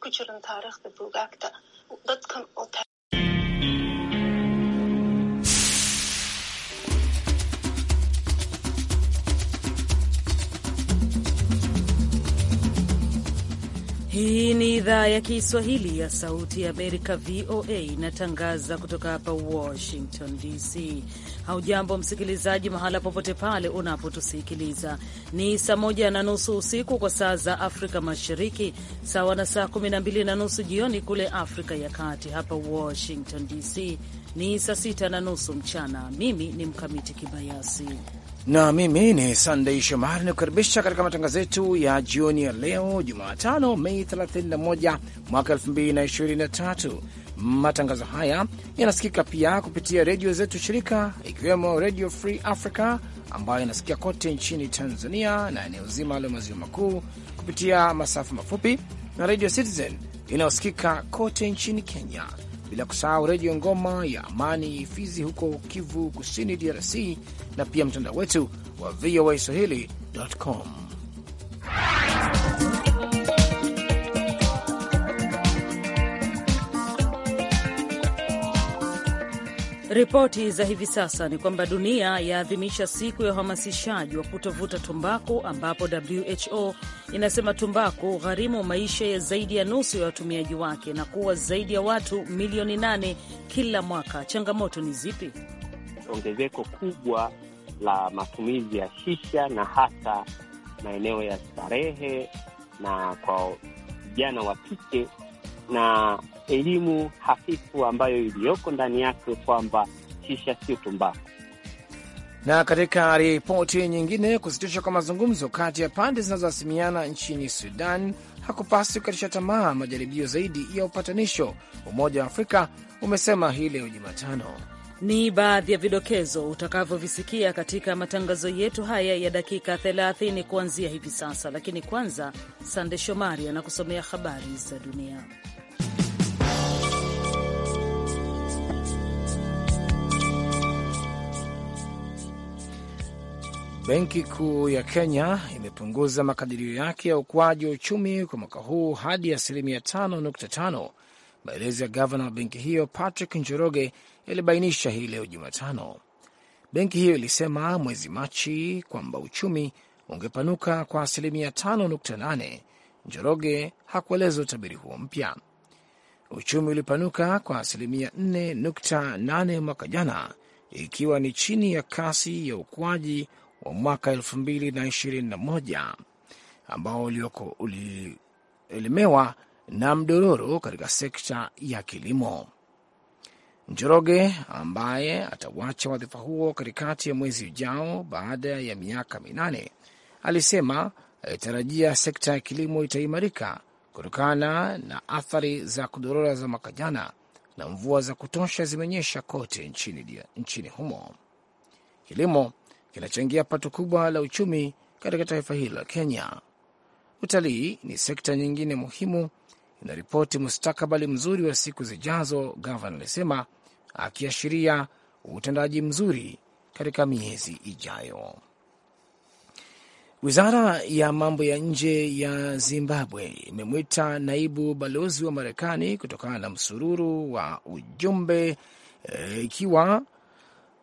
ku jiran taariikhda buugaagta dadkan oo Hii ni idhaa ya Kiswahili ya Sauti ya Amerika, VOA, inatangaza kutoka hapa Washington DC. Haujambo msikilizaji, mahala popote pale unapotusikiliza. Ni saa moja na nusu usiku kwa saa za Afrika Mashariki, sawa na saa kumi na mbili na nusu jioni kule Afrika ya Kati. Hapa Washington DC ni saa sita na nusu mchana. Mimi ni Mkamiti Kibayasi na mimi ni Sandey Shomari nikukaribisha katika matangazo yetu ya jioni ya leo Jumatano, Mei 31 mwaka 2023. Matangazo haya yanasikika pia kupitia redio zetu shirika, ikiwemo Redio Free Africa ambayo inasikia kote nchini Tanzania na eneo zima la maziwa makuu kupitia masafa mafupi na redio Citizen inayosikika kote nchini Kenya bila kusahau redio ngoma ya amani Fizi huko Kivu Kusini, DRC, na pia mtandao wetu wa VOA swahili.com. Ripoti za hivi sasa ni kwamba dunia yaadhimisha siku ya uhamasishaji wa kutovuta tumbaku, ambapo WHO inasema tumbaku gharimu maisha ya zaidi ya nusu ya watumiaji wake na kuwa zaidi ya watu milioni nane kila mwaka. Changamoto ni zipi? Ongezeko kubwa la matumizi ya shisha na hasa maeneo ya starehe, na kwa vijana wa kike na elimu hafifu ambayo iliyoko ndani yake kwamba shisha sio tumbaku. Na katika ripoti nyingine, kusitishwa kwa mazungumzo kati ya pande zinazohasimiana nchini Sudan hakupasi kukatisha tamaa majaribio zaidi ya upatanisho, Umoja wa Afrika umesema hii leo Jumatano. Ni baadhi ya vidokezo utakavyovisikia katika matangazo yetu haya ya dakika 30 kuanzia hivi sasa, lakini kwanza, Sande Shomari anakusomea habari za dunia. Benki Kuu ya Kenya imepunguza makadirio yake ya ukuaji wa uchumi kwa mwaka huu hadi asilimia 5.5. Maelezo ya gavana wa benki hiyo Patrick Njoroge yalibainisha hii leo Jumatano. Benki hiyo ilisema mwezi Machi kwamba uchumi ungepanuka kwa asilimia 5.8. Njoroge hakueleza utabiri huo mpya. Uchumi ulipanuka kwa asilimia 4.8 mwaka jana, ikiwa ni chini ya kasi ya ukuaji wa mwaka 2021 ambao ulielemewa na mdororo katika sekta ya kilimo. Njoroge ambaye atawacha wadhifa huo katikati ya mwezi ujao baada ya miaka minane alisema alitarajia eh, sekta ya kilimo itaimarika kutokana na athari za kudorora za mwaka jana na mvua za kutosha zimenyesha kote nchini, nchini humo. Kilimo kinachangia pato kubwa la uchumi katika taifa hilo la Kenya. Utalii ni sekta nyingine muhimu inaripoti mustakabali mzuri wa siku zijazo, gavana alisema, akiashiria utendaji mzuri katika miezi ijayo. Wizara ya mambo ya nje ya Zimbabwe imemwita naibu balozi wa Marekani kutokana na msururu wa ujumbe eh, ikiwa e,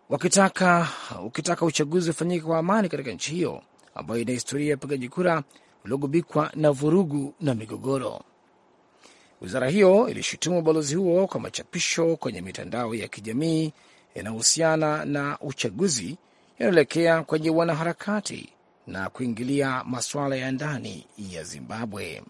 wakitaka ukitaka uchaguzi ufanyike kwa amani katika nchi hiyo ambayo ina historia ya upigaji kura uliogubikwa na vurugu na migogoro. Wizara hiyo ilishutumu ubalozi huo kwa machapisho kwenye mitandao ya kijamii yanayohusiana na uchaguzi yanaelekea kwenye wanaharakati na kuingilia masuala ya ndani ya Zimbabwe.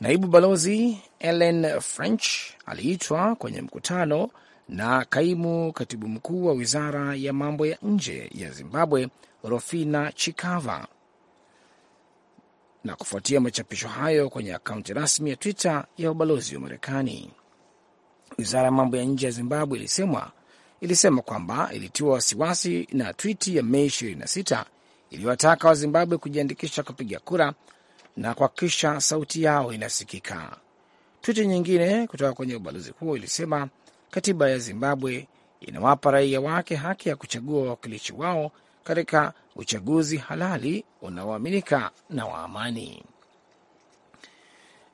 Naibu balozi Ellen French aliitwa kwenye mkutano na kaimu katibu mkuu wa wizara ya mambo ya nje ya Zimbabwe Rofina Chikava. Na kufuatia machapisho hayo kwenye akaunti rasmi ya Twitter ya ubalozi wa Marekani, wizara ya mambo ya nje ya Zimbabwe ilisema ilisema kwamba ilitiwa wasiwasi na twiti ya Mei 26 iliyowataka Wazimbabwe kujiandikisha kupiga kura na kuhakikisha sauti yao inasikika. Twiti nyingine kutoka kwenye ubalozi huo ilisema katiba ya Zimbabwe inawapa raia wake haki ya kuchagua wawakilishi wao katika uchaguzi halali unaoaminika na wa amani.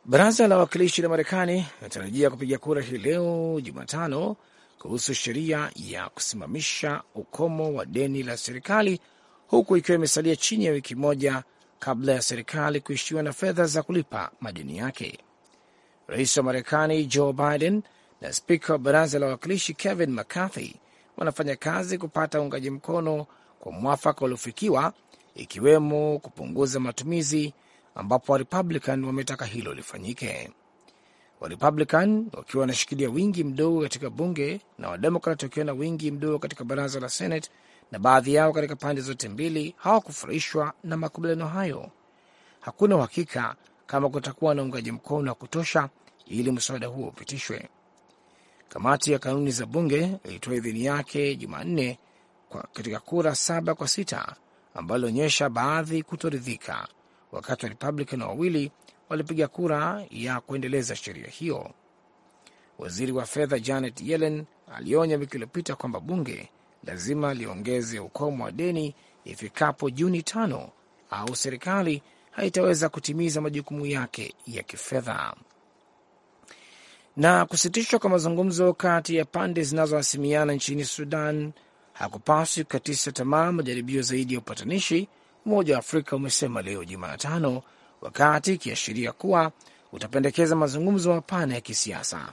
Baraza la wawakilishi la Marekani linatarajia kupiga kura hii leo Jumatano kuhusu sheria ya kusimamisha ukomo wa deni la serikali, huku ikiwa imesalia chini ya wiki moja kabla ya serikali kuishiwa na fedha za kulipa madeni yake. Rais wa Marekani Joe Biden na spika wa baraza la wawakilishi Kevin McCarthy wanafanya kazi kupata uungaji mkono kwa mwafaka uliofikiwa, ikiwemo kupunguza matumizi, ambapo Warepublican wametaka hilo lifanyike, Warepublican wakiwa wanashikilia wingi mdogo katika bunge na Wademokrat wakiwa na wingi mdogo katika baraza la Senate, na baadhi yao katika pande zote mbili hawakufurahishwa na makubaliano hayo. Hakuna uhakika kama kutakuwa na uungaji mkono wa kutosha ili mswada huo upitishwe. Kamati ya kanuni za bunge ilitoa idhini yake Jumanne katika kura saba kwa sita ambayo ilionyesha baadhi kutoridhika, wakati wa Republican wawili walipiga kura ya kuendeleza sheria hiyo. Waziri wa fedha Janet Yellen alionya wiki iliyopita kwamba bunge lazima liongeze ukomo wa deni ifikapo Juni tano au serikali haitaweza kutimiza majukumu yake ya kifedha na kusitishwa kwa mazungumzo kati ya pande zinazohasimiana nchini Sudan hakupaswi kukatisha tamaa majaribio zaidi ya upatanishi, Umoja wa Afrika umesema leo Jumatano, wakati ikiashiria kuwa utapendekeza mazungumzo mapana ya kisiasa.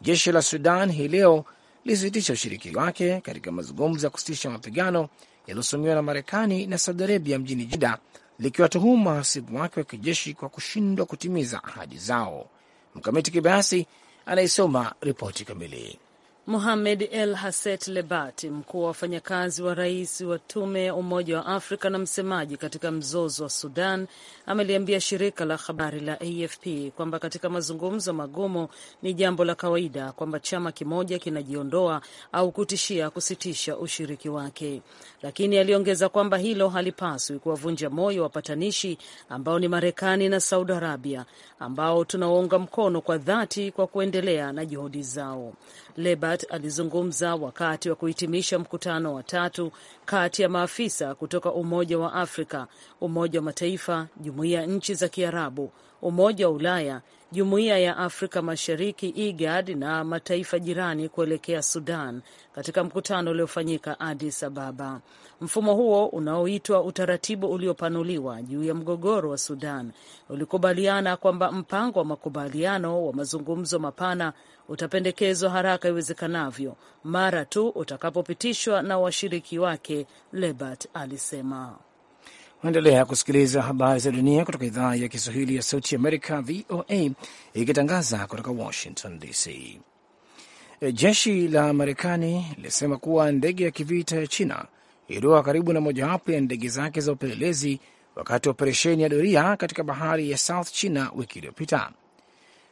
Jeshi la Sudan hii leo lilisitisha ushiriki wake katika mazungumzo ya kusitisha mapigano yaliyosimamiwa na Marekani na Saudi Arabia mjini Jida, likiwatuhumu mahasimu wake wa kijeshi kwa kushindwa kutimiza ahadi zao. Mkamiti Kibayasi anayesoma ripoti kamili. Mohamed El Hasset Lebat, mkuu wa wafanyakazi wa rais wa tume ya Umoja wa Afrika na msemaji katika mzozo wa Sudan, ameliambia shirika la habari la AFP kwamba katika mazungumzo magumu ni jambo la kawaida kwamba chama kimoja kinajiondoa au kutishia kusitisha ushiriki wake, lakini aliongeza kwamba hilo halipaswi kuwavunja moyo wapatanishi ambao ni Marekani na Saudi Arabia, ambao tunawaunga mkono kwa dhati kwa kuendelea na juhudi zao Lebat Lagat alizungumza wakati wa kuhitimisha mkutano wa tatu kati ya maafisa kutoka Umoja wa Afrika, Umoja wa Mataifa, Jumuiya ya Nchi za Kiarabu, Umoja wa Ulaya, Jumuiya ya Afrika Mashariki, IGAD, na mataifa jirani kuelekea Sudan katika mkutano uliofanyika Addis Ababa. Mfumo huo unaoitwa utaratibu uliopanuliwa juu ya mgogoro wa Sudan ulikubaliana kwamba mpango wa makubaliano wa mazungumzo mapana utapendekezwa haraka iwezekanavyo mara tu utakapopitishwa na washiriki wake, Lebert alisema. unaendelea kusikiliza habari za dunia kutoka idhaa ya Kiswahili ya Sauti Amerika, VOA, ikitangaza kutoka Washington DC. E, jeshi la Marekani lilisema kuwa ndege ya kivita ya China iliwa karibu na mojawapo ya ndege zake za upelelezi wakati wa operesheni ya doria katika bahari ya South China wiki iliyopita.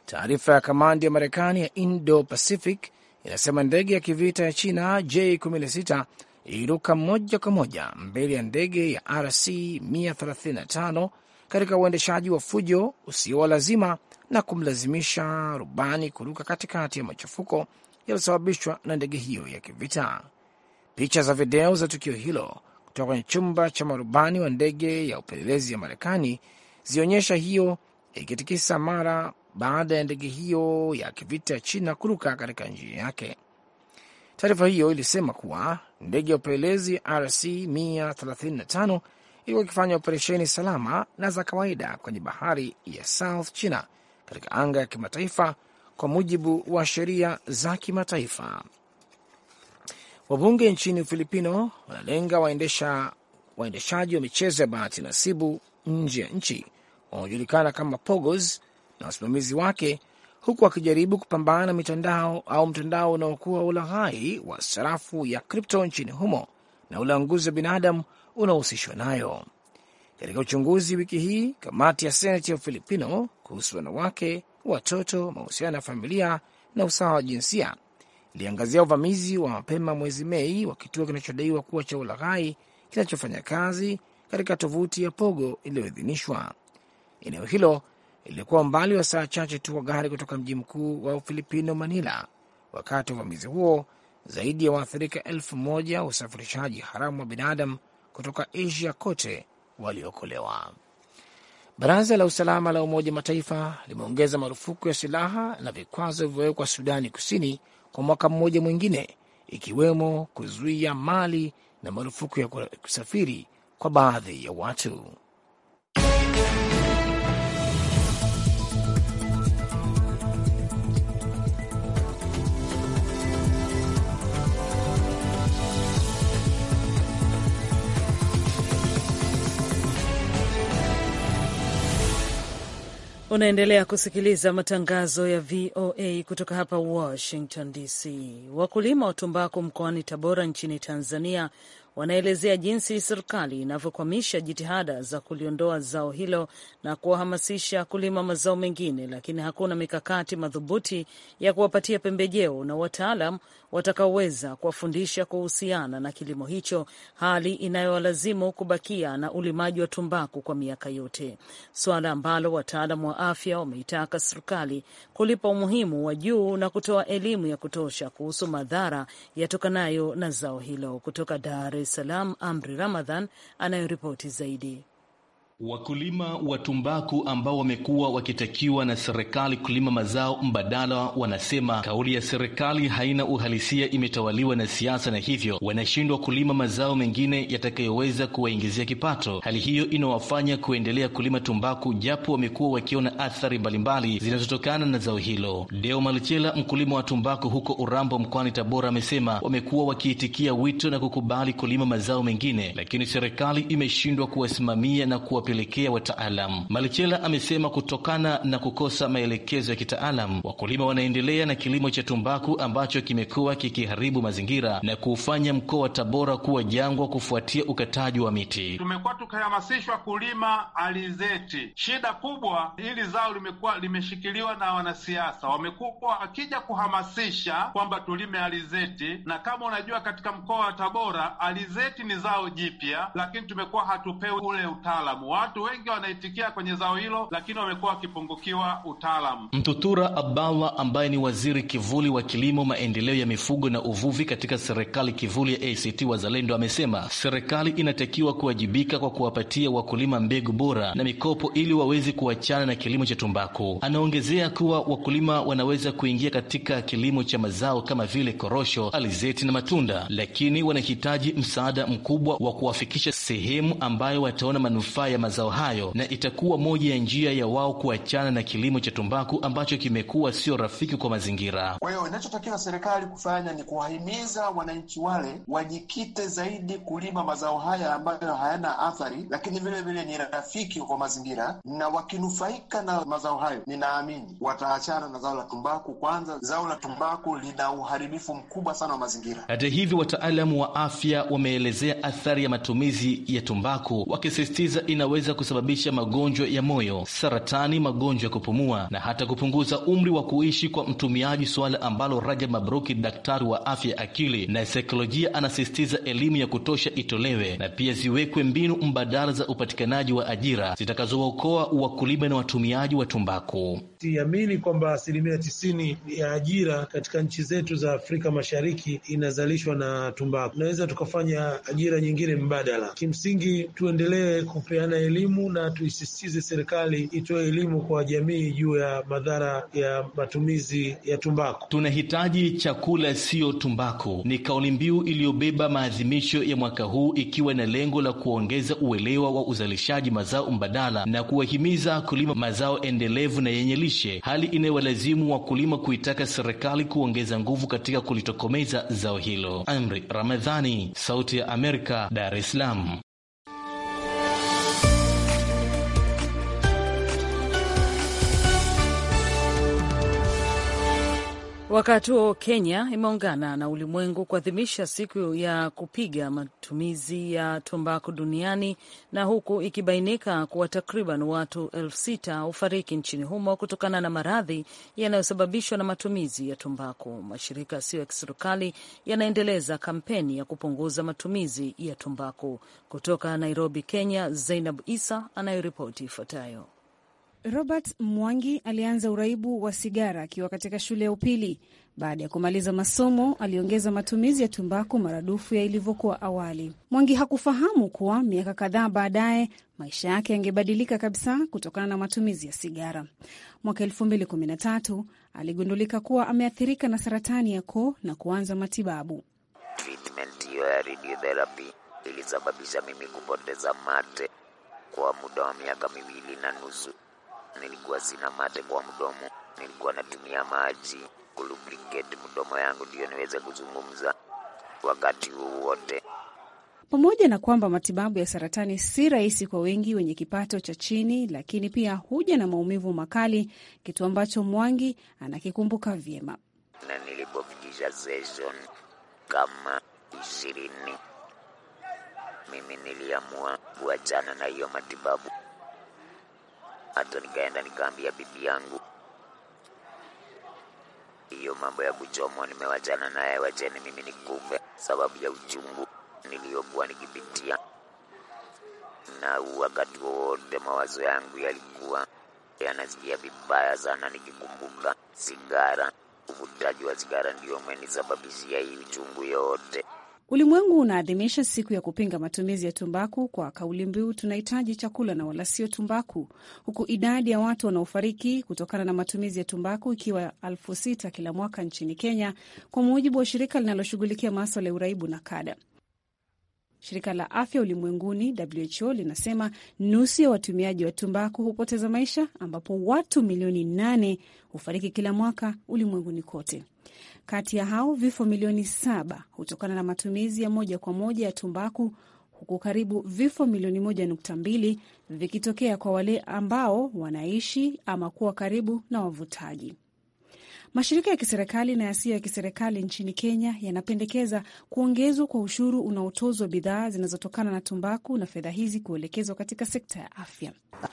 Taarifa ya kamandi ya Marekani ya Indo Pacific inasema ndege ya kivita ya China J16 iliruka moja kwa moja mbele ya ndege ya RC 135 katika uendeshaji wa fujo usio wa lazima na kumlazimisha rubani kuruka katikati ya machafuko yaliyosababishwa na ndege hiyo ya kivita. Picha za video za tukio hilo kutoka kwenye chumba cha marubani wa ndege ya upelelezi ya Marekani zilionyesha hiyo ikitikisa mara baada ya ndege hiyo ya kivita China kuruka katika njia yake. Taarifa hiyo ilisema kuwa ndege ya upelelezi RC 135 ilikuwa ikifanya operesheni salama na za kawaida kwenye bahari ya South China katika anga ya kimataifa kwa mujibu wa sheria za kimataifa. Wabunge nchini Ufilipino wanalenga waendeshaji wa michezo ya bahati nasibu nje ya nchi wanaojulikana kama pogos na wasimamizi wake huku akijaribu kupambana na mitandao au mtandao unaokuwa ulaghai wa sarafu ya kripto nchini humo na ulanguzi wa binadamu unaohusishwa nayo. Katika uchunguzi wiki hii, kamati ya seneti ya Ufilipino kuhusu wanawake, watoto, mahusiano ya familia na usawa wa jinsia iliangazia uvamizi wa mapema mwezi Mei wa kituo kinachodaiwa kuwa cha ulaghai kinachofanya kazi katika tovuti ya Pogo iliyoidhinishwa. Eneo hilo ilikuwa umbali wa saa chache tu wa gari kutoka mji mkuu wa Ufilipino, Manila. Wakati wa uvamizi huo, zaidi ya waathirika elfu moja wa usafirishaji haramu wa binadamu kutoka Asia kote waliokolewa. Baraza la usalama la Umoja Mataifa limeongeza marufuku ya silaha na vikwazo vilivyowekwa Sudani Kusini kwa mwaka mmoja mwingine, ikiwemo kuzuia mali na marufuku ya kusafiri kwa baadhi ya watu. Unaendelea kusikiliza matangazo ya VOA kutoka hapa Washington DC. Wakulima wa tumbaku mkoani Tabora nchini Tanzania wanaelezea jinsi serikali inavyokwamisha jitihada za kuliondoa zao hilo na kuwahamasisha kulima mazao mengine, lakini hakuna mikakati madhubuti ya kuwapatia pembejeo na wataalam watakaoweza kuwafundisha kuhusiana na kilimo hicho, hali inayowalazimu kubakia na ulimaji wa tumbaku kwa miaka yote, suala ambalo wataalam wa afya wameitaka serikali kulipa umuhimu wa juu na kutoa elimu ya kutosha kuhusu madhara yatokanayo na zao hilo. Kutoka Dar Salaam Amri Ramadhan anayoripoti zaidi. Wakulima wa tumbaku ambao wamekuwa wakitakiwa na serikali kulima mazao mbadala wanasema kauli ya serikali haina uhalisia, imetawaliwa na siasa na hivyo wanashindwa kulima mazao mengine yatakayoweza kuwaingizia kipato. Hali hiyo inawafanya kuendelea kulima tumbaku japo wamekuwa wakiona athari mbalimbali zinazotokana na zao hilo. Deo Malchela, mkulima wa tumbaku huko Urambo mkoani Tabora, amesema wamekuwa wakiitikia wito na kukubali kulima mazao mengine, lakini serikali imeshindwa kuwasimamia na kuwa kupelekea wataalam. Malichela amesema kutokana na kukosa maelekezo ya kitaalam, wakulima wanaendelea na kilimo cha tumbaku ambacho kimekuwa kikiharibu mazingira na kuufanya mkoa wa Tabora kuwa jangwa kufuatia ukataji wa miti. Tumekuwa tukihamasishwa kulima alizeti. Shida kubwa hili zao limekuwa limeshikiliwa na wanasiasa, wamekuwa akija kuhamasisha kwamba tulime alizeti, na kama unajua katika mkoa wa Tabora alizeti ni zao jipya, lakini tumekuwa hatupewi ule utaalamu watu wengi wanaitikia kwenye zao hilo, lakini wamekuwa wakipungukiwa utaalamu. Mtutura Abdallah ambaye ni waziri kivuli wa kilimo, maendeleo ya mifugo na uvuvi katika serikali kivuli ya ACT Wazalendo amesema serikali inatakiwa kuwajibika kwa kuwapatia wakulima mbegu bora na mikopo ili waweze kuachana na kilimo cha tumbaku. Anaongezea kuwa wakulima wanaweza kuingia katika kilimo cha mazao kama vile korosho, alizeti na matunda, lakini wanahitaji msaada mkubwa wa kuwafikisha sehemu ambayo wataona manufaa ya mazao hayo na itakuwa moja ya njia ya wao kuachana na kilimo cha tumbaku ambacho kimekuwa sio rafiki kwa mazingira. Kwa hiyo inachotakiwa serikali kufanya ni kuwahimiza wananchi wale wajikite zaidi kulima mazao haya ambayo hayana athari, lakini vile vile ni rafiki kwa mazingira, na wakinufaika na mazao hayo, ninaamini wataachana na zao la tumbaku. Kwanza zao la tumbaku lina uharibifu mkubwa sana wa mazingira. Hata hivyo, wataalamu wa afya wameelezea athari ya matumizi ya tumbaku wakisisitiza ina yanaweza kusababisha magonjwa ya moyo, saratani, magonjwa ya kupumua na hata kupunguza umri wa kuishi kwa mtumiaji, suala ambalo Rajab Mabruki, daktari wa afya ya akili na saikolojia, anasisitiza elimu ya kutosha itolewe na pia ziwekwe mbinu mbadala za upatikanaji wa ajira zitakazowaokoa wakulima na watumiaji wa tumbaku siamini kwamba asilimia tisini ya ajira katika nchi zetu za Afrika Mashariki inazalishwa na tumbaku. unaweza tukafanya ajira nyingine mbadala. Kimsingi, tuendelee kupeana elimu na tuisisitize serikali itoe elimu kwa jamii juu ya madhara ya matumizi ya tumbaku. Tunahitaji chakula siyo tumbaku, ni kauli mbiu iliyobeba maadhimisho ya mwaka huu ikiwa na lengo la kuongeza uelewa wa uzalishaji mazao mbadala na kuwahimiza kulima mazao endelevu na yenye lishe lishe, hali inayowalazimu wakulima kuitaka serikali kuongeza nguvu katika kulitokomeza zao hilo. Amri Ramadhani, Sauti ya Amerika, Dar es Salaam. Wakati huo Kenya imeungana na ulimwengu kuadhimisha siku ya kupiga matumizi ya tumbaku duniani, na huku ikibainika kuwa takriban watu elfu sita hufariki nchini humo kutokana na maradhi yanayosababishwa na matumizi ya tumbaku. Mashirika yasiyo ya kiserikali yanaendeleza kampeni ya kupunguza matumizi ya tumbaku. Kutoka Nairobi, Kenya, Zainab Isa anayoripoti ifuatayo. Robert Mwangi alianza uraibu wa sigara akiwa katika shule ya upili. Baada ya kumaliza masomo, aliongeza matumizi ya tumbaku maradufu ya ilivyokuwa awali. Mwangi hakufahamu kuwa miaka kadhaa baadaye maisha yake yangebadilika kabisa kutokana na matumizi ya sigara. Mwaka tatu aligundulika kuwa ameathirika na saratani ya koo na kuanza matibabu. Treatment hiyo ya radiotherapy ilisababisha mimi kupoteza mate kwa muda wa miaka miwili na nusu nilikuwa sina mate kwa mdomo, nilikuwa natumia maji kulubricate mdomo yangu ndiyo niweze kuzungumza wakati huu wote Pamoja na kwamba matibabu ya saratani si rahisi kwa wengi wenye kipato cha chini, lakini pia huja na maumivu makali, kitu ambacho Mwangi anakikumbuka vyema. Na nilipofikisha session kama ishirini, mimi niliamua kuachana na hiyo matibabu hata nikaenda nikaambia bibi yangu hiyo mambo ya kuchomwa nimewachana naye, wacheni mimi nikufe, sababu ya uchungu niliyokuwa nikipitia. Na wakati wowote mawazo yangu yalikuwa yanasikia vibaya sana, nikikumbuka sigara. Uvutaji wa sigara ndio umenisababishia hii uchungu yote. Ulimwengu unaadhimisha siku ya kupinga matumizi ya tumbaku kwa kauli mbiu tunahitaji chakula na wala sio tumbaku, huku idadi ya watu wanaofariki kutokana na matumizi ya tumbaku ikiwa elfu sita kila mwaka nchini Kenya, kwa mujibu wa shirika linaloshughulikia maswala ya uraibu na kada. Shirika la Afya Ulimwenguni WHO linasema nusu ya watumiaji wa tumbaku hupoteza maisha, ambapo watu milioni nane hufariki kila mwaka ulimwenguni kote. Kati ya hao vifo milioni saba hutokana na matumizi ya moja kwa moja ya tumbaku huku karibu vifo milioni moja nukta mbili vikitokea kwa wale ambao wanaishi ama kuwa karibu na wavutaji. Mashirika ya kiserikali na yasiyo ya kiserikali nchini Kenya yanapendekeza kuongezwa kwa ushuru unaotozwa bidhaa zinazotokana na tumbaku na fedha hizi kuelekezwa katika sekta ya afya.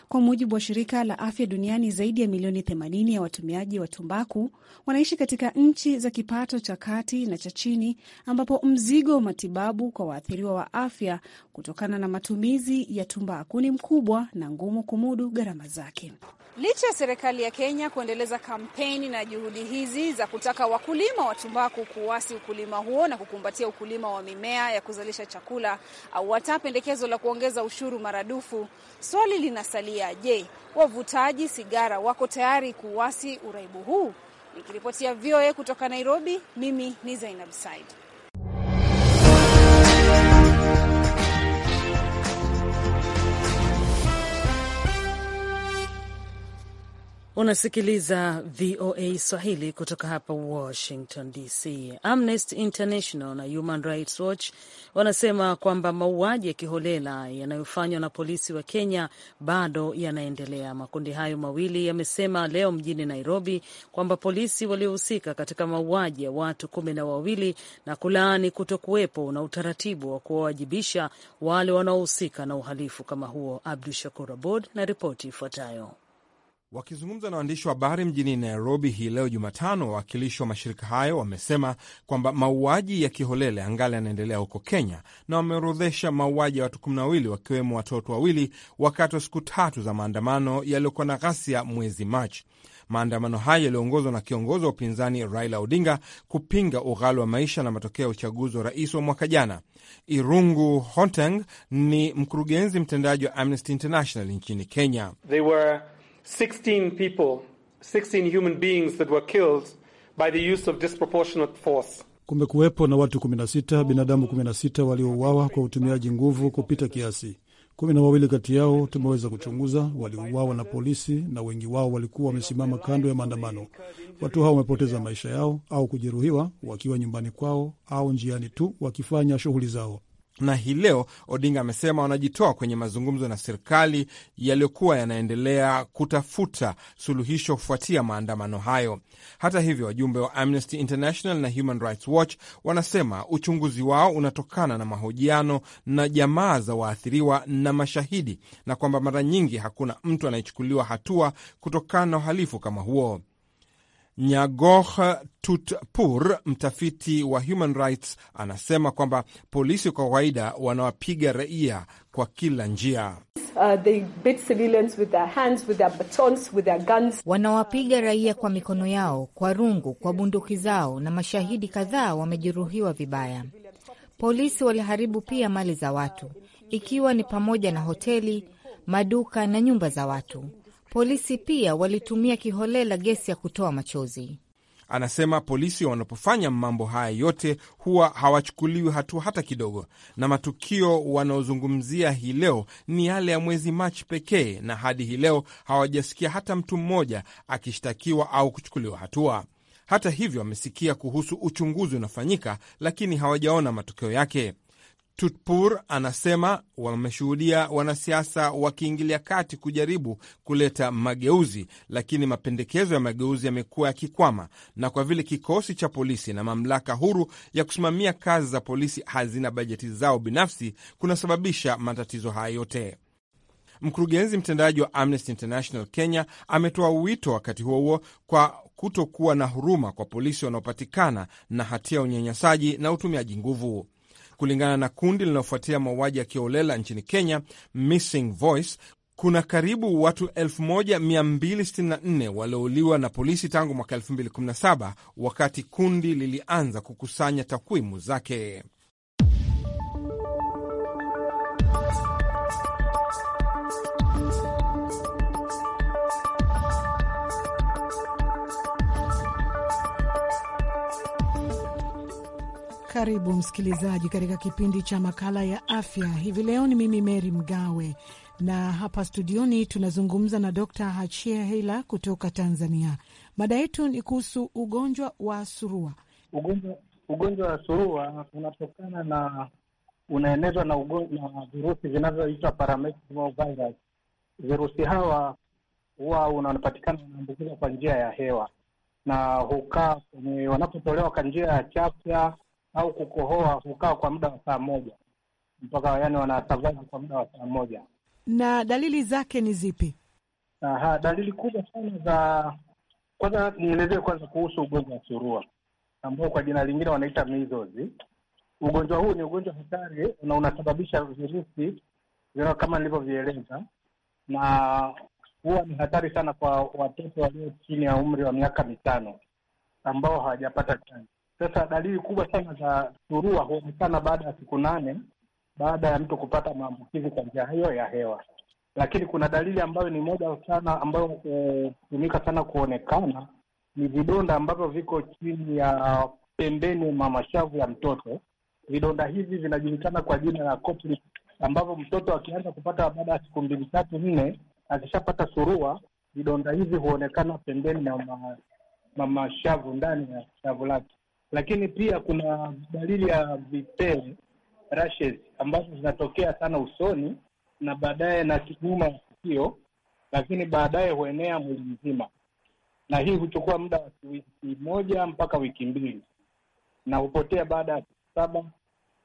Kwa mujibu wa shirika la afya duniani, zaidi ya milioni 80 ya watumiaji wa tumbaku wanaishi katika nchi za kipato cha kati na cha chini, ambapo mzigo wa matibabu kwa waathiriwa wa afya kutokana na matumizi ya tumbaku ni mkubwa na ngumu kumudu gharama zake. Licha ya serikali ya Kenya kuendeleza kampeni na juhudi hizi za kutaka wakulima wa tumbaku kuasi ukulima huo na kukumbatia ukulima wa mimea ya kuzalisha chakula au hata pendekezo la kuongeza ushuru maradufu, swali linasalia, je, wavutaji sigara wako tayari kuasi uraibu huu? Nikiripotia VOA kutoka Nairobi, mimi ni Zainab Said. Unasikiliza VOA Swahili kutoka hapa Washington DC. Amnesty International na Human Rights Watch wanasema kwamba mauaji ya kiholela yanayofanywa na polisi wa Kenya bado yanaendelea. Makundi hayo mawili yamesema leo mjini Nairobi kwamba polisi waliohusika katika mauaji ya watu kumi na wawili na kulaani kutokuwepo na utaratibu wa kuwawajibisha wale wanaohusika na uhalifu kama huo. Abdu Shakur Abod na ripoti ifuatayo. Wakizungumza na waandishi wa habari mjini Nairobi hii leo Jumatano, wawakilishi wa mashirika hayo wamesema kwamba mauaji ya kiholela angali yanaendelea huko Kenya, na wameorodhesha mauaji ya watu kumi na wawili wakiwemo watoto wawili wakati wa siku tatu za maandamano yaliyokuwa na ghasia mwezi Machi. Maandamano hayo yaliyoongozwa na kiongozi wa upinzani Raila Odinga kupinga ughali wa maisha na matokeo ya uchaguzi wa rais wa mwaka jana. Irungu Honteng ni mkurugenzi mtendaji wa Amnesty International nchini Kenya. They were... 16 people, 16 human beings that were killed by the use of disproportionate force. Kumekuwepo na watu 16 binadamu 16 waliouawa kwa utumiaji nguvu kupita kiasi. Kumi na wawili kati yao tumeweza kuchunguza, waliuawa na polisi na wengi wao walikuwa wamesimama kando ya maandamano. Watu hao wamepoteza maisha yao au kujeruhiwa wakiwa nyumbani kwao au njiani tu wakifanya shughuli zao na hii leo Odinga amesema wanajitoa kwenye mazungumzo na serikali yaliyokuwa yanaendelea kutafuta suluhisho kufuatia maandamano hayo. Hata hivyo, wajumbe wa Amnesty International na Human Rights Watch wanasema uchunguzi wao unatokana na mahojiano na jamaa za waathiriwa na mashahidi, na kwamba mara nyingi hakuna mtu anayechukuliwa hatua kutokana na uhalifu kama huo nyagoh Tutpur, mtafiti wa Human Rights, anasema kwamba polisi kwa kawaida wanawapiga raia kwa kila njia. Uh, wanawapiga raia kwa mikono yao, kwa rungu, kwa bunduki zao, na mashahidi kadhaa wamejeruhiwa vibaya. Polisi waliharibu pia mali za watu, ikiwa ni pamoja na hoteli, maduka na nyumba za watu. Polisi pia walitumia kiholela gesi ya kutoa machozi. Anasema polisi wanapofanya mambo haya yote huwa hawachukuliwi hatua hata kidogo, na matukio wanaozungumzia hii leo ni yale ya mwezi Machi pekee, na hadi hii leo hawajasikia hata mtu mmoja akishtakiwa au kuchukuliwa hatua. Hata hivyo, wamesikia kuhusu uchunguzi unafanyika, lakini hawajaona matokeo yake. Tutpur anasema wameshuhudia wanasiasa wakiingilia kati kujaribu kuleta mageuzi, lakini mapendekezo ya mageuzi yamekuwa yakikwama, na kwa vile kikosi cha polisi na mamlaka huru ya kusimamia kazi za polisi hazina bajeti zao binafsi, kunasababisha matatizo haya yote. Mkurugenzi mtendaji wa Amnesty International Kenya ametoa wito wakati huo huo kwa kutokuwa na huruma kwa polisi wanaopatikana na hatia ya unyanyasaji na utumiaji nguvu. Kulingana na kundi linalofuatia mauaji ya kiolela nchini Kenya, Missing Voice, kuna karibu watu 1264 waliouliwa na polisi tangu mwaka 2017 wakati kundi lilianza kukusanya takwimu zake. Karibu msikilizaji katika kipindi cha makala ya afya hivi leo. Ni mimi Meri Mgawe na hapa studioni tunazungumza na Dr Hachia Heila kutoka Tanzania. Mada yetu ni kuhusu ugonjwa wa surua. Ugonjwa, ugonjwa wa surua unatokana na unaenezwa na na virusi vinavyoitwa Virusi hawa huwa unapatikana unaambukiza kwa njia ya hewa na hukaa kwenye wanapotolewa kwa njia ya chafya au kukohoa hukaa kwa muda wa saa moja mpaka yani wanasurvive kwa muda wa saa moja. Na dalili zake ni zipi? Aha, dalili kubwa sana za kwanza, nielezee kwanza kuhusu ugonjwa wa surua ambao kwa jina lingine wanaita measles. Ugonjwa huu ni ugonjwa hatari na unasababisha virusi kama nilivyovieleza, na huwa ni hatari sana kwa watoto walio chini ya umri wa miaka mitano ambao hawajapata chanjo. Sasa dalili kubwa sana za surua huonekana baada ya siku nane baada ya mtu kupata maambukizi kwa njia hiyo ya hewa, lakini kuna dalili ambayo ni moja sana ambayo eh, hutumika sana kuonekana ni vidonda ambavyo viko chini ya pembeni mwa mashavu ya mtoto. Vidonda hivi vinajulikana kwa jina la Koplik, ambavyo mtoto akianza kupata baada ya siku mbili tatu nne, akishapata surua, vidonda hivi huonekana pembeni na mashavu ndani ya shavu lake lakini pia kuna dalili ya vipele rashes ambazo zinatokea sana usoni na baadaye na kinyuma ya sikio, lakini baadaye huenea mwili mzima, na hii huchukua muda wa wiki moja mpaka wiki mbili, na hupotea baada ya siku saba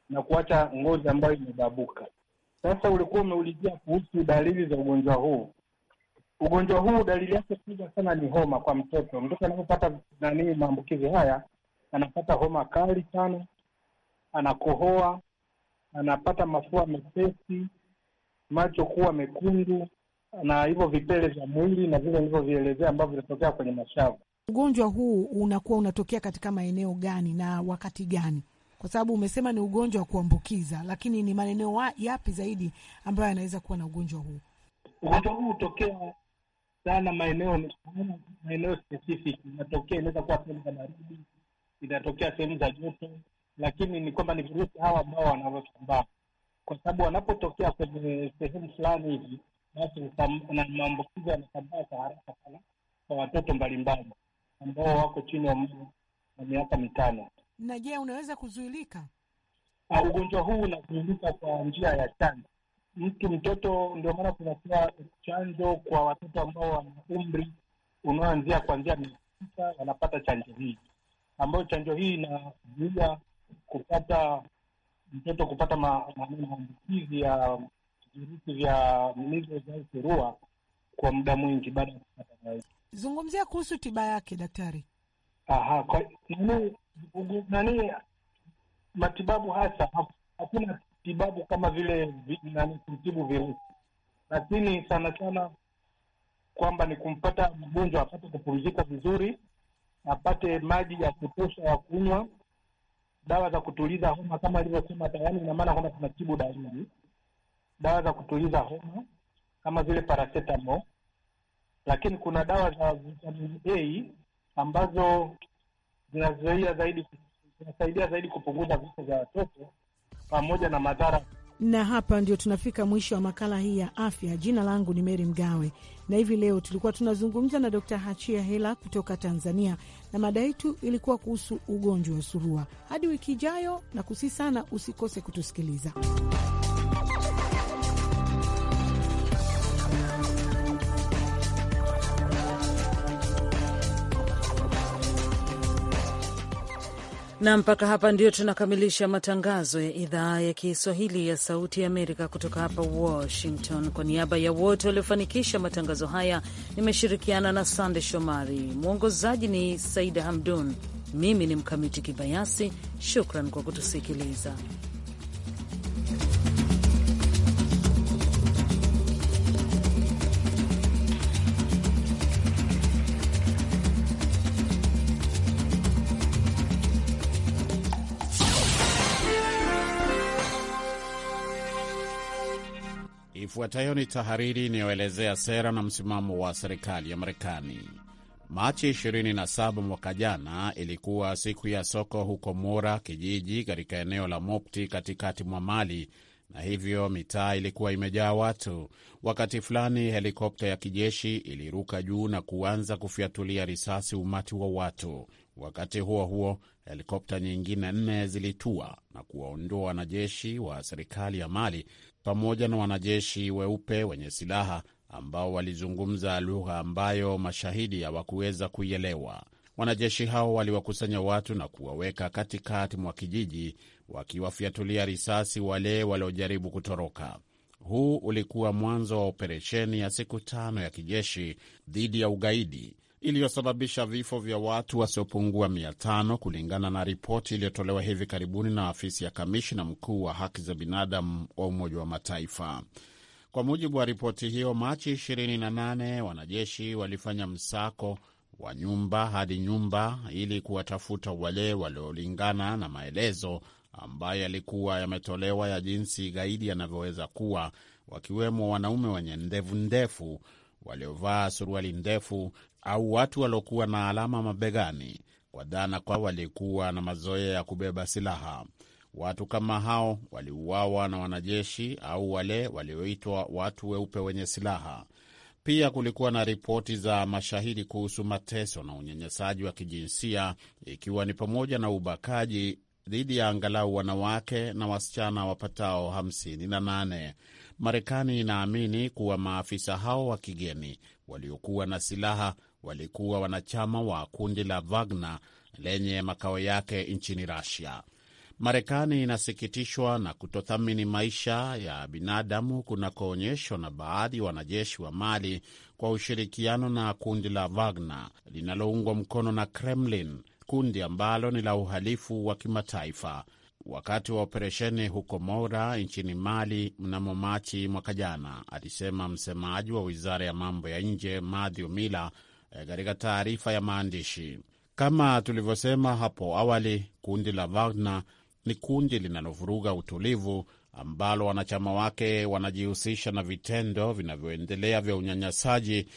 na kuacha ngozi ambayo imebabuka. Sasa ulikuwa umeulizia kuhusu dalili za ugonjwa huu. Ugonjwa huu dalili yake kubwa sana ni homa kwa mtoto. Mtoto anapopata nani maambukizi haya anapata homa kali sana, anakohoa, anapata mafua mepesi, macho kuwa mekundu na hivyo vipele vya mwili na vile nilivyovielezea ambavyo vinatokea kwenye mashavu. Ugonjwa huu unakuwa unatokea katika maeneo gani na wakati gani? Kwa sababu umesema ni ugonjwa wa kuambukiza, lakini ni maeneo yapi zaidi ambayo yanaweza kuwa na ugonjwa huu? Ugonjwa huu hutokea sana maeneo maeneo spesifiki, inatokea inaweza kuwa sehemu za baridi, inatokea sehemu za joto, lakini ni kwamba ni virusi hawa ambao wanavyosambaa, kwa sababu wanapotokea kwenye sehemu fulani hivi, basi na maambukizi yanasambaa kwa haraka sana kwa watoto mbalimbali ambao wako chini ya umri wa miaka mitano. Na je, unaweza kuzuilika? Uh, ugonjwa huu unazuilika kwa njia ya chanjo. Mtu mtoto, ndio maana kunakuwa chanjo kwa watoto ambao wana umri unaoanzia kuanzia miaka tisa, wanapata chanjo hii ambayo chanjo hii inazuia kupata mtoto kupata maambukizi ya virusi vya measles au surua kwa muda mwingi baada ya kupata dawa Zungumzia kuhusu tiba yake daktari. Aha, kwa nani, nani matibabu hasa, hakuna tibabu kama vile nani kumtibu virusi, lakini sana sana kwamba ni kumpata mgonjwa apate kupumzika vizuri apate maji ya kutosha ya kunywa, dawa za kutuliza homa kama alivyosema tayari. Ina maana kwamba tunatibu dalili, dawa za kutuliza homa kama vile paracetamol, lakini kuna dawa za vitamin A ambazo zinazuia zaidi, zinasaidia zaidi kupunguza vifo vya watoto pamoja na madhara na hapa ndio tunafika mwisho wa makala hii ya afya. Jina langu ni Meri Mgawe, na hivi leo tulikuwa tunazungumza na Dr Hachia Hela kutoka Tanzania, na mada yetu ilikuwa kuhusu ugonjwa wa surua. Hadi wiki ijayo, na kusi sana, usikose kutusikiliza. Na mpaka hapa ndio tunakamilisha matangazo ya idhaa ya Kiswahili ya Sauti ya Amerika kutoka hapa Washington. Kwa niaba ya wote waliofanikisha matangazo haya, nimeshirikiana na Sande Shomari, mwongozaji ni Saida Hamdun, mimi ni Mkamiti Kibayasi. Shukran kwa kutusikiliza. Ifuatayo ni tahariri inayoelezea sera na msimamo wa serikali ya Marekani. Machi 27 mwaka jana ilikuwa siku ya soko huko Mora, kijiji katika eneo la Mopti katikati mwa Mali, na hivyo mitaa ilikuwa imejaa watu. Wakati fulani helikopta ya kijeshi iliruka juu na kuanza kufyatulia risasi umati wa watu. Wakati huo huo, helikopta nyingine nne zilitua na kuwaondoa wanajeshi wa serikali ya Mali pamoja na wanajeshi weupe wenye silaha ambao walizungumza lugha ambayo mashahidi hawakuweza kuielewa. Wanajeshi hao waliwakusanya watu na kuwaweka katikati mwa kijiji, wakiwafyatulia risasi wale waliojaribu kutoroka. Huu ulikuwa mwanzo wa operesheni ya siku tano ya kijeshi dhidi ya ugaidi iliyosababisha vifo vya watu wasiopungua mia tano kulingana na ripoti iliyotolewa hivi karibuni na afisi ya kamishna mkuu wa haki za binadamu wa Umoja wa Mataifa. Kwa mujibu wa ripoti hiyo, Machi 28 wanajeshi walifanya msako wa nyumba hadi nyumba ili kuwatafuta wale waliolingana na maelezo ambayo yalikuwa yametolewa ya jinsi gaidi yanavyoweza kuwa, wakiwemo wanaume wenye ndevu ndefu waliovaa suruali ndefu au watu waliokuwa na alama mabegani kwa dhana kwa walikuwa na mazoea ya kubeba silaha. Watu kama hao waliuawa na wanajeshi au wale walioitwa watu weupe wenye silaha. Pia kulikuwa na ripoti za mashahidi kuhusu mateso na unyanyasaji wa kijinsia, ikiwa ni pamoja na ubakaji dhidi ya angalau wanawake na wasichana wapatao 58. Marekani inaamini kuwa maafisa hao wa kigeni waliokuwa na silaha walikuwa wanachama wa kundi la Wagner lenye makao yake nchini Russia. Marekani inasikitishwa na kutothamini maisha ya binadamu kunakoonyeshwa na baadhi ya wanajeshi wa Mali kwa ushirikiano na kundi la Wagner linaloungwa mkono na Kremlin, kundi ambalo ni la uhalifu wa kimataifa wakati wa operesheni huko Moura nchini Mali mnamo Machi mwaka jana, alisema msemaji wa wizara ya mambo ya nje Mathew Miller eh, katika taarifa ya maandishi. Kama tulivyosema hapo awali, kundi la Wagner ni kundi linalovuruga utulivu ambalo wanachama wake wanajihusisha na vitendo vinavyoendelea vya unyanyasaji,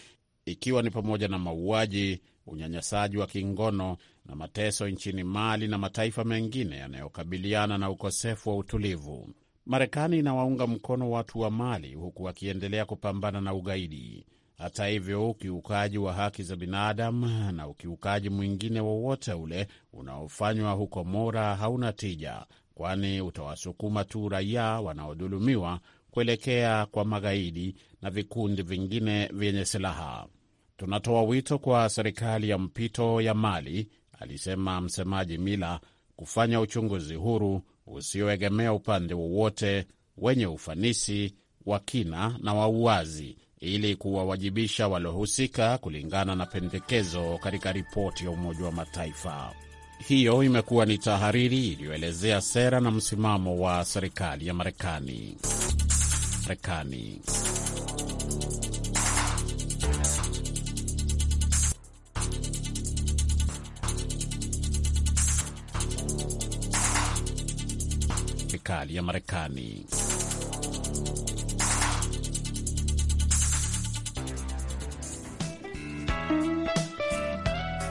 ikiwa ni pamoja na mauaji, unyanyasaji wa kingono na mateso nchini Mali na mataifa mengine yanayokabiliana na ukosefu wa utulivu. Marekani inawaunga mkono watu wa Mali huku wakiendelea kupambana na ugaidi. Hata hivyo, ukiukaji wa haki za binadamu na ukiukaji mwingine wowote ule unaofanywa huko Mora hauna tija, kwani utawasukuma tu raia wanaodhulumiwa kuelekea kwa magaidi na vikundi vingine vyenye silaha tunatoa wito kwa serikali ya mpito ya Mali, alisema msemaji Mila, kufanya uchunguzi huru usioegemea upande wowote, wenye ufanisi wa kina na wa uwazi, ili kuwawajibisha waliohusika kulingana na pendekezo katika ripoti ya Umoja wa Mataifa. Hiyo imekuwa ni tahariri iliyoelezea sera na msimamo wa serikali ya Marekani. Marekani. serikali ya Marekani.